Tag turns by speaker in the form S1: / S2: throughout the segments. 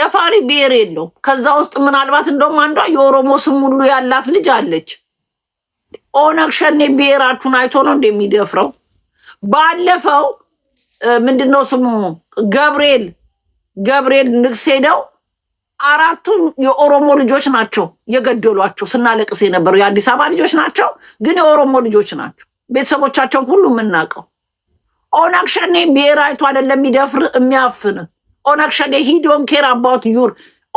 S1: ደፋሪ ብሔር የለውም። ከዛ ውስጥ ምናልባት እንደውም አንዷ የኦሮሞ ስም ሁሉ ያላት ልጅ አለች። ኦነግ ሸኔ ብሔራችሁን አይቶ ነው እንደሚደፍረው። ባለፈው ምንድነው ስሙ ገብርኤል ገብርኤል ንግስ ሄደው አራቱም የኦሮሞ ልጆች ናቸው የገደሏቸው። ስናለቅስ የነበሩ የአዲስ አበባ ልጆች ናቸው፣ ግን የኦሮሞ ልጆች ናቸው። ቤተሰቦቻቸውን ሁሉ የምናውቀው ኦነግ ሸኔ ብሔር አይቶ አይደለም የሚደፍር የሚያፍን ኦነግ ሂዶን ኬር አባውት ዩር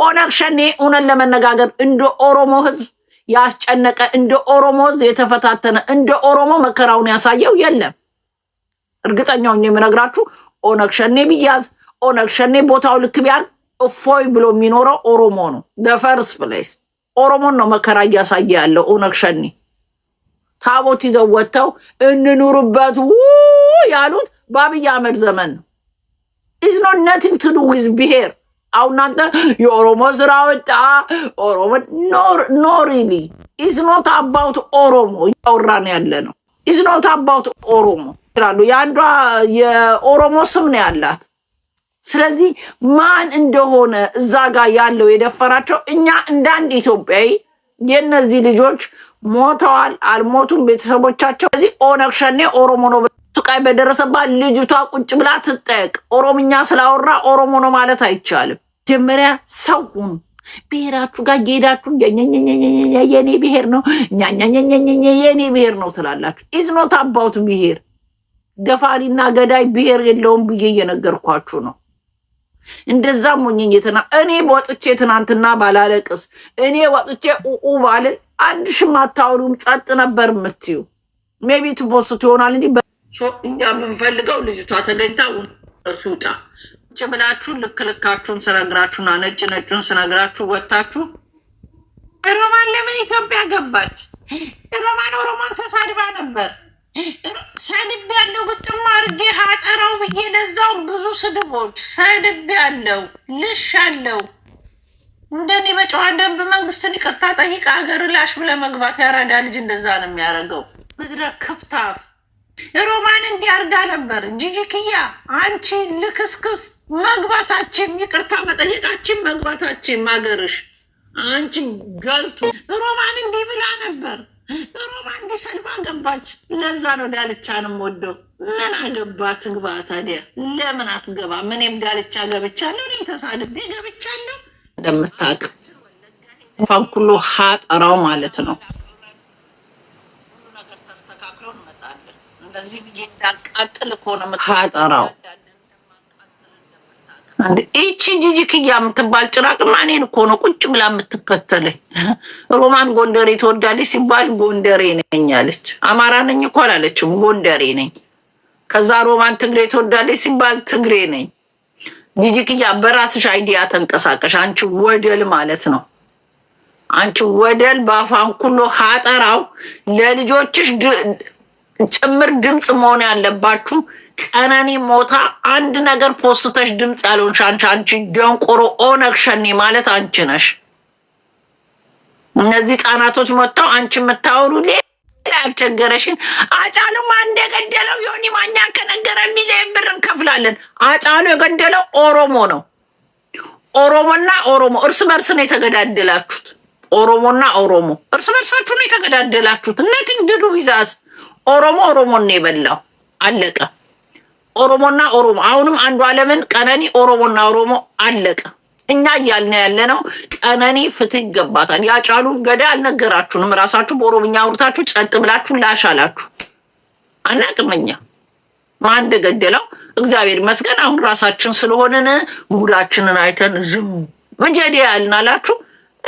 S1: ኦነግ እውነን ለመነጋገር እንደ ኦሮሞ ህዝብ ያስጨነቀ እንደ ኦሮሞ ህዝብ የተፈታተነ እንደ ኦሮሞ መከራውን ያሳየው የለም። እርግጠኛው የምነግራችሁ ኦነግ ቢያዝ ቦታው ልክ ቢያል እፎይ ብሎ የሚኖረው ኦሮሞ ነው። ደፈርስ ፕሌስ ኦሮሞን ነው መከራ እያሳየ ያለው ኦነግ ታቦት ይዘው ወጥተው እንኑርበት ያሉት በአብይ አህመድ ዘመን ነው። ኢዝ ኖት ነቲንግ ቱ ዱ ዊዝ ብሄር። አሁን እናንተ የኦሮሞ ስራ ወጣ ኦሮሞ ኖ ሪሊ ኢዝ ኖት አባውት ኦሮሞ እያወራን ያለ ነው። ኢዝ ኖት አባውት ኦሮሞ ይላሉ። የአንዷ የኦሮሞ ስም ነው ያላት። ስለዚህ ማን እንደሆነ እዛ ጋር ያለው የደፈራቸው እኛ እንደ አንድ ኢትዮጵያዊ የእነዚህ ልጆች ሞተዋል አልሞቱም ቤተሰቦቻቸው። ስለዚህ ኦነግ ሸኔ ኦሮሞ ነው ስቃይ በደረሰባት ልጅቷ ቁጭ ብላ ትጠየቅ። ኦሮምኛ ስላወራ ኦሮሞ ነው ማለት አይቻልም። መጀመሪያ ሰው ሁኑ። ብሔራችሁ ጋር እየሄዳችሁ የኔ ብሔር ነው የኔ ብሔር ነው ትላላችሁ። ኢዝኖት አባውት ብሔር ደፋሪና ገዳይ ብሔር የለውም ብዬ እየነገርኳችሁ ነው። እንደዛም ሞኘኝ እኔ ወጥቼ ትናንትና ባላለቅስ እኔ ወጥቼ ኡኡ ባልን አንድ ሽም አታውሪውም፣ ጸጥ ነበር የምትዩ ሜቢ ትፖስት ይሆናል እንጂ
S2: እኛ የምንፈልገው ልጅቷ ተገኝታ ትውጣ። ጭ ብላችሁ ልክ ልካችሁን ስነግራችሁና ነጭ ነጩን ስነግራችሁ ወጥታችሁ ሮማን ለምን ኢትዮጵያ ገባች? ሮማን ኦሮሞን ተሳድባ ነበር ሰድብ ያለው ግጥም አድርጌ ሀጠረው ብዬ ለዛው ብዙ ስድቦች ሰድብ ያለው ልሽ አለው እንደኔ በጨዋ ደንብ መንግስትን ይቅርታ ጠይቅ ሀገር ላሽ ብለህ መግባት ያራዳ ልጅ እንደዛ ነው የሚያደርገው ምድረ ክፍታፍ ሮማን እንዲያርጋ ነበር። ጂጂክያ አንቺ ልክስክስ መግባታችን ይቅርታ መጠየቃችን መግባታችን ማገርሽ አንቺ ገልቱ ሮማን እንዲህ ብላ ነበር። ሮማን እንዲሰልባ ገባች። ለዛ ነው ዳልቻንም ወደው ምን አገባ ትግባ ታዲያ ለምን አትገባ? እኔም ዳልቻ ገብቻለሁ። እኔም ተሳድቤ ገብቻለሁ።
S1: እንደምታውቅ ፋንኩሎ ሀጠራው ማለት ነው። ሀጠራው ይቺ ጂጂ የምትባል ጭራቅማ እኔን እኮ ነው ቁጭ ብላ የምትከተለኝ። ሮማን ጎንደሬ ትወዳለች ሲባል ጎንደሬ ነኝ አለች። አማራ ነኝ እኮ አላለችም፣ ጎንደሬ ነኝ። ከዛ ሮማን ትግሬ ትወዳለች ሲባል ትግሬ ነኝ። ጂጂ ክያ በራስሽ አይዲያ ተንቀሳቀሽ። አንቺ ወደል ማለት ነው። አንቺ ወደል በአፋን ኩሎ ሀጠራው ለልጆችሽ ጭምር ድምፅ መሆን ያለባችሁ። ቀነኒ ሞታ አንድ ነገር ፖስተሽ ድምፅ ያልሆንሽ አንቺ አንቺ ደንቆሮ ኦነግ ሸኔ ማለት አንቺ ነሽ። እነዚህ ህጻናቶች መጥተው አንቺ የምታወሩ ሌላ ያልቸገረሽን አጫሉማ እንደገደለው የሆኒ ማኛ ከነገረ ሚሊዮን ብር እንከፍላለን። አጫሉ የገደለው ኦሮሞ ነው። ኦሮሞና ኦሮሞ እርስ በርስ ነው የተገዳደላችሁት። ኦሮሞና ኦሮሞ እርስ በርሳችሁ ነው የተገዳደላችሁት። ነቲንግ ድዱ ይዛዝ ኦሮሞ ኦሮሞን ነው የበላው። አለቀ። ኦሮሞና ኦሮሞ አሁንም አንዱ አለምን ቀነኒ ኦሮሞና ኦሮሞ አለቀ። እኛ እያልን ያለ ነው ቀነኒ ፍትህ ይገባታል። ያጫሉ ገዳ አልነገራችሁንም። ራሳችሁ በኦሮምኛ አውርታችሁ ጸጥ ብላችሁ ላሻላችሁ። አናቅመኛ ማን እንደገደለው እግዚአብሔር ይመስገን። አሁን ራሳችን ስለሆንን ጉዳችንን አይተን ዝም መጀዴ ያልን አላችሁ።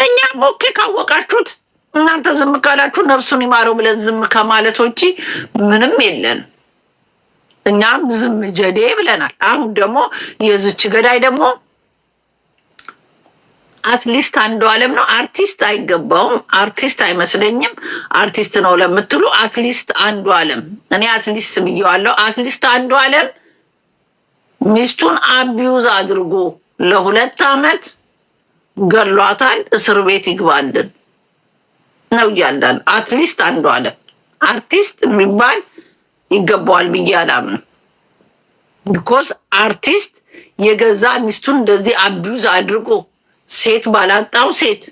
S1: እኛ ሞኬ ካወቃችሁት እናንተ ዝም ካላችሁ ነፍሱን ይማረው ብለን ዝም ከማለት ውጪ ምንም የለን። እኛም ዝም ጀዴ ብለናል። አሁን ደግሞ የዝች ገዳይ ደግሞ አትሊስት አንዱ አለም ነው። አርቲስት አይገባውም፣ አርቲስት አይመስለኝም። አርቲስት ነው ለምትሉ አትሊስት አንዱ አለም እኔ አትሊስት ብየዋለሁ። አትሊስት አንዱ አለም ሚስቱን አቢዩዝ አድርጎ ለሁለት አመት ገሏታል። እስር ቤት ይግባልን። ነው እያንዳንዱ አትሊስት አንዱ አለ አርቲስት የሚባል ይገባዋል ብዬ አላምንም። ቢኮዝ አርቲስት የገዛ ሚስቱን እንደዚህ አቢዩዝ አድርጎ ሴት ባላጣው ሴት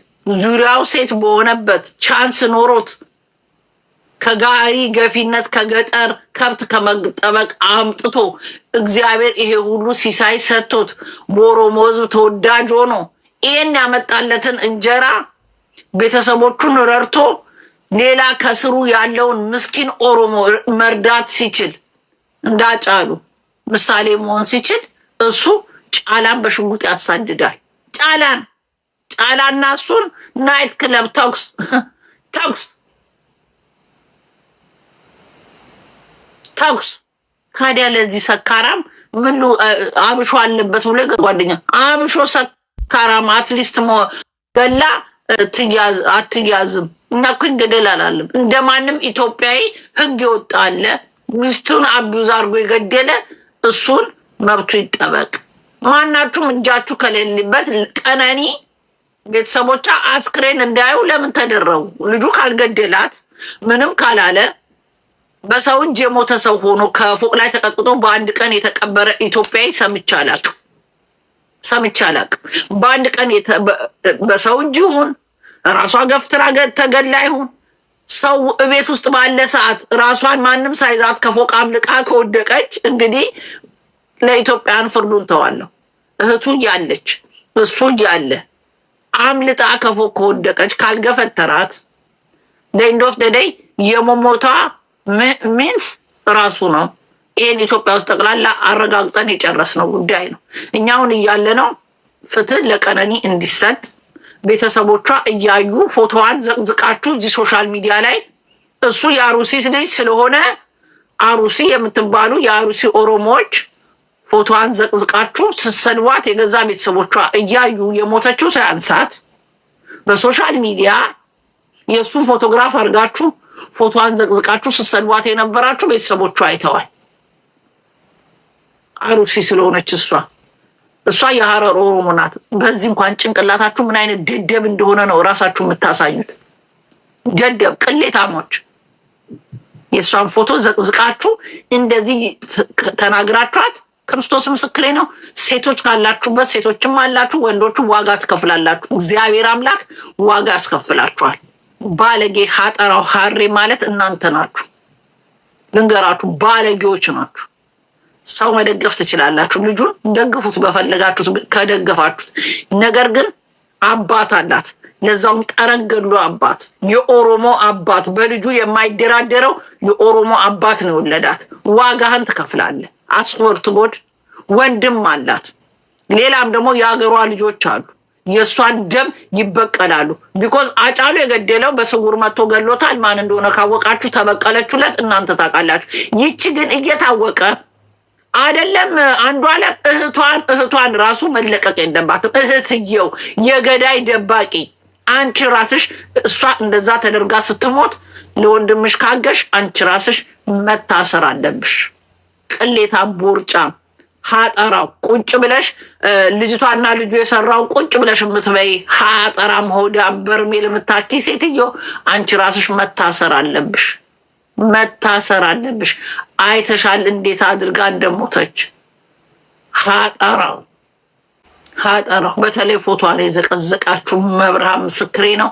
S1: ዙሪያው ሴት በሆነበት ቻንስ ኖሮት ከጋሪ ገፊነት ከገጠር ከብት ከመጠበቅ አምጥቶ እግዚአብሔር ይሄ ሁሉ ሲሳይ ሰጥቶት በኦሮሞ ሕዝብ ተወዳጅ ሆኖ ይሄን ያመጣለትን እንጀራ ቤተሰቦቹን ረድቶ ሌላ ከስሩ ያለውን ምስኪን ኦሮሞ መርዳት ሲችል እንዳጫሉ ምሳሌ መሆን ሲችል እሱ ጫላን በሽጉጥ ያሳድዳል። ጫላን ጫላና እሱን ናይት ክለብ ተኩስ ተኩስ ተኩስ። ካዲያ ለዚህ ሰካራም ምን አብሾ አለበት ብሎ ጓደኛ አብሾ ሰካራም አትሊስት ገላ አትያዝም። እና እኮ ገደል አላለም። እንደማንም ኢትዮጵያዊ ህግ የወጣ አለ። ሚስቱን አቢዩዝ አድርጎ የገደለ እሱን መብቱ ይጠበቅ። ማናችሁም እጃችሁ ከሌለበት ቀነኒ ቤተሰቦቿ አስክሬን እንዳዩ ለምን ተደረጉ? ልጁ ካልገደላት ምንም ካላለ በሰው እጅ የሞተ ሰው ሆኖ ከፎቅ ላይ ተቀጥቅጦ በአንድ ቀን የተቀበረ ኢትዮጵያዊ ሰምቼ አላቅም። በአንድ ቀን በሰው እጅ ይሁን ራሷ ገፍትራ ተገላ ይሁን ሰው እቤት ውስጥ ባለ ሰዓት ራሷን ማንም ሳይዛት ከፎቅ አምልቃ ከወደቀች እንግዲህ ለኢትዮጵያን ፍርዱን ተዋለሁ። እህቱ እያለች እሱ እያለ አምልጣ ከፎቅ ከወደቀች ካልገፈተራት ደንድ ኦፍ ደደይ የመሞቷ ሚንስ ራሱ ነው። ይህን ኢትዮጵያ ውስጥ ጠቅላላ አረጋግጠን የጨረስነው ጉዳይ ነው። እኛውን እያለ ነው ፍትህ ለቀነኒ እንዲሰጥ ቤተሰቦቿ እያዩ ፎቶዋን ዘቅዝቃችሁ እዚህ ሶሻል ሚዲያ ላይ እሱ የአሩሲ ልጅ ስለሆነ አሩሲ የምትባሉ የአሩሲ ኦሮሞዎች ፎቶዋን ዘቅዝቃችሁ ስሰልዋት የገዛ ቤተሰቦቿ እያዩ የሞተችው ሳያንሳት በሶሻል ሚዲያ የእሱን ፎቶግራፍ አድርጋችሁ ፎቶዋን ዘቅዝቃችሁ ስሰልዋት የነበራችሁ ቤተሰቦቿ አይተዋል። አሩሲ ስለሆነች እሷ እሷ የሀረር ኦሮሞ ናት። በዚህ እንኳን ጭንቅላታችሁ ምን አይነት ደደብ እንደሆነ ነው እራሳችሁ የምታሳዩት። ደደብ ቅሌታሞች። የእሷን ፎቶ ዘቅዝቃችሁ እንደዚህ ተናግራችኋት፣ ክርስቶስ ምስክሬ ነው። ሴቶች ካላችሁበት ሴቶችም አላችሁ፣ ወንዶቹ ዋጋ ትከፍላላችሁ። እግዚአብሔር አምላክ ዋጋ ያስከፍላችኋል። ባለጌ ሀጠራው ሀሬ ማለት እናንተ ናችሁ። ልንገራችሁ፣ ባለጌዎች ናችሁ። ሰው መደገፍ ትችላላችሁ። ልጁን ደግፉት፣ በፈለጋችሁት ከደገፋችሁት። ነገር ግን አባት አላት፣ ለዛውም ጠረንገሉ አባት፣ የኦሮሞ አባት፣ በልጁ የማይደራደረው የኦሮሞ አባት ነው የወለዳት። ዋጋህን ትከፍላለህ። አስወርት ቦድ ወንድም አላት። ሌላም ደግሞ የአገሯ ልጆች አሉ። የእሷን ደም ይበቀላሉ። ቢኮዝ አጫሉ የገደለው በስውር መጥቶ ገሎታል። ማን እንደሆነ ካወቃችሁ ተበቀለችለት። እናንተ ታውቃላችሁ። ይቺ ግን እየታወቀ አይደለም አንዱ አለም እህቷን እህቷን ራሱ መለቀቅ የለባትም። እህትየው የገዳይ ደባቂ አንቺ ራስሽ እሷ እንደዛ ተደርጋ ስትሞት ለወንድምሽ ካገሽ አንቺ ራስሽ መታሰር አለብሽ። ቅሌታ ቦርጫ ሀጠራው ቁጭ ብለሽ ልጅቷና ልጁ የሰራውን ቁጭ ብለሽ የምትበይ ሀጠራም ሆዳ በርሜል የምታኪ ሴትዮ አንቺ ራስሽ መታሰር አለብሽ። መታሰር አለብሽ። አይተሻል እንዴት አድርጋ እንደሞተች ሀጠራው ሀጠራው። በተለይ ፎቶ የዘቀዘቃችሁ መብርሃን ምስክሬ ነው።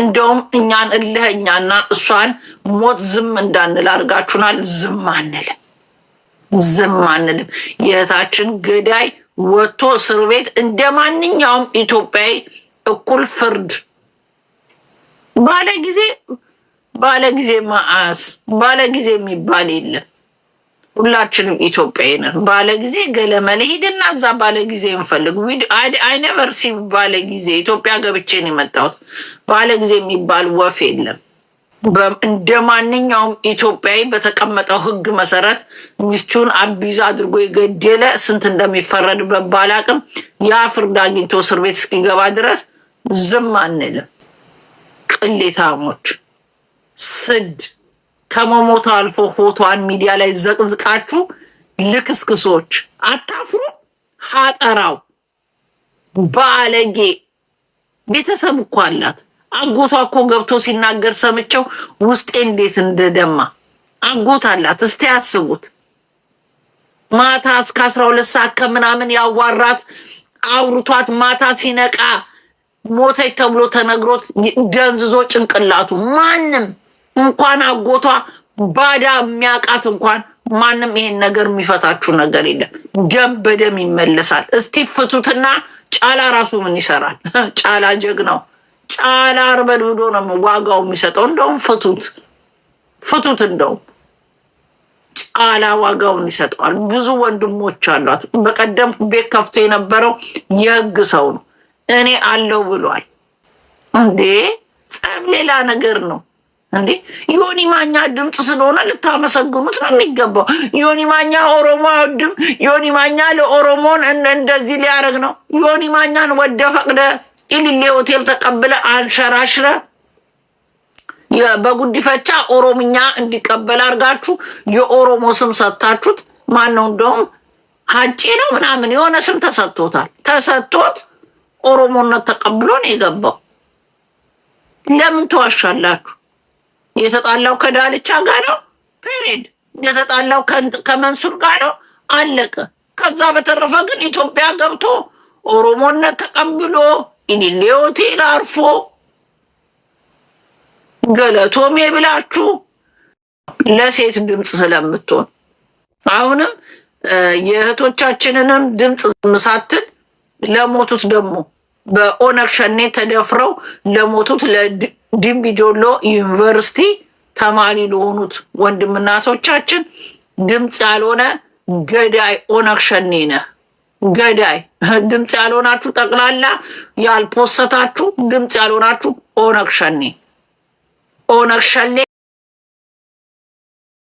S1: እንደውም እኛን እልህኛና እሷን ሞት ዝም እንዳንል አድርጋችሁናል። ዝም አንልም፣ ዝም አንልም። የእህታችን ገዳይ ወጥቶ እስር ቤት እንደ ማንኛውም ኢትዮጵያዊ እኩል ፍርድ ባለ ጊዜ ባለ ጊዜ ማአስ ባለ ጊዜ የሚባል የለም። ሁላችንም ኢትዮጵያዊ ነን። ባለ ባለጊዜ ገለመለ ሂድና እዛ ጊዜ እንፈልግ። ሲ ባለ ጊዜ ኢትዮጵያ ገብቼ ነው የመጣሁት። ጊዜ የሚባል ወፍ የለም። እንደ ማንኛውም ኢትዮጵያዊ በተቀመጠው ሕግ መሰረት ሚስቱን አቢዝ አድርጎ የገደለ ስንት እንደሚፈረድበት ባላቅም ያ ፍርድ አግኝቶ እስር ቤት እስኪገባ ድረስ ዝም አንልም። ቅሌታሞች ስድ ከመሞቷ አልፎ ፎቶዋን ሚዲያ ላይ ዘቅዝቃችሁ ልክስክሶች አታፍሩ። ሀጠራው ባለጌ ቤተሰብ እኮ አላት። አጎቷ እኮ ገብቶ ሲናገር ሰምቼው ውስጤ እንዴት እንደደማ አጎት አላት። እስቲ ያስቡት። ማታ እስከ አስራ ሁለት ሰዓት ከምናምን ያዋራት አውርቷት ማታ ሲነቃ ሞተች ተብሎ ተነግሮት ደንዝዞ ጭንቅላቱ ማንም እንኳን አጎቷ ባዳ የሚያውቃት እንኳን ማንም ይሄን ነገር የሚፈታችሁ ነገር የለም። ደም በደም ይመለሳል። እስቲ ፍቱትና ጫላ ራሱ ምን ይሰራል? ጫላ ጀግናው ጫላ አርበድብዶ ነው ዋጋው የሚሰጠው። እንደውም ፍቱት ፍቱት፣ እንደውም ጫላ ዋጋውን ይሰጠዋል። ብዙ ወንድሞች አሏት። በቀደም ቤት ከፍቶ የነበረው የህግ ሰው ነው። እኔ አለው ብሏል እንዴ! ጸብ ሌላ ነገር ነው። እንዴ ዮኒ ማኛ ድምፅ ስለሆነ ልታመሰግኑት ነው የሚገባው። ዮኒ ማኛ ኦሮሞ አይወድም። ዮኒ ማኛ ለኦሮሞን እንደዚህ ሊያደርግ ነው። ዮኒ ማኛን ወደ ፈቅደ ኢሊሌ ሆቴል ተቀብለ አንሸራሽረ በጉዲፈቻ ኦሮምኛ እንዲቀበል አድርጋችሁ የኦሮሞ ስም ሰታችሁት ማነው? እንደውም ሀጬ ነው ምናምን የሆነ ስም ተሰጥቶታል። ተሰጥቶት ኦሮሞነት ተቀብሎ ነው የገባው። ለምን ተዋሻላችሁ? የተጣላው ከዳልቻ ጋር ነው። ፔሬድ የተጣላው ከመንሱር ጋር ነው። አለቀ። ከዛ በተረፈ ግን ኢትዮጵያ ገብቶ ኦሮሞነት ተቀብሎ ኢኒሌ ሆቴል አርፎ ገለቶሜ ብላችሁ ለሴት ድምፅ ስለምትሆን አሁንም የእህቶቻችንንም ድምፅ ምሳትል ለሞቱት ደግሞ በኦነግ ሸኔ ተደፍረው ለሞቱት ዲምቢዶሎ ዩኒቨርሲቲ ተማሪ ለሆኑት ወንድምናቶቻችን ድምፅ ያልሆነ ገዳይ ኦነግ ሸኔ ነህ ገዳይ ድምፅ ያልሆናችሁ ጠቅላላ ያልፖሰታችሁ ድምፅ ያልሆናችሁ ኦነግ ሸኔ ኦነግ ሸኔ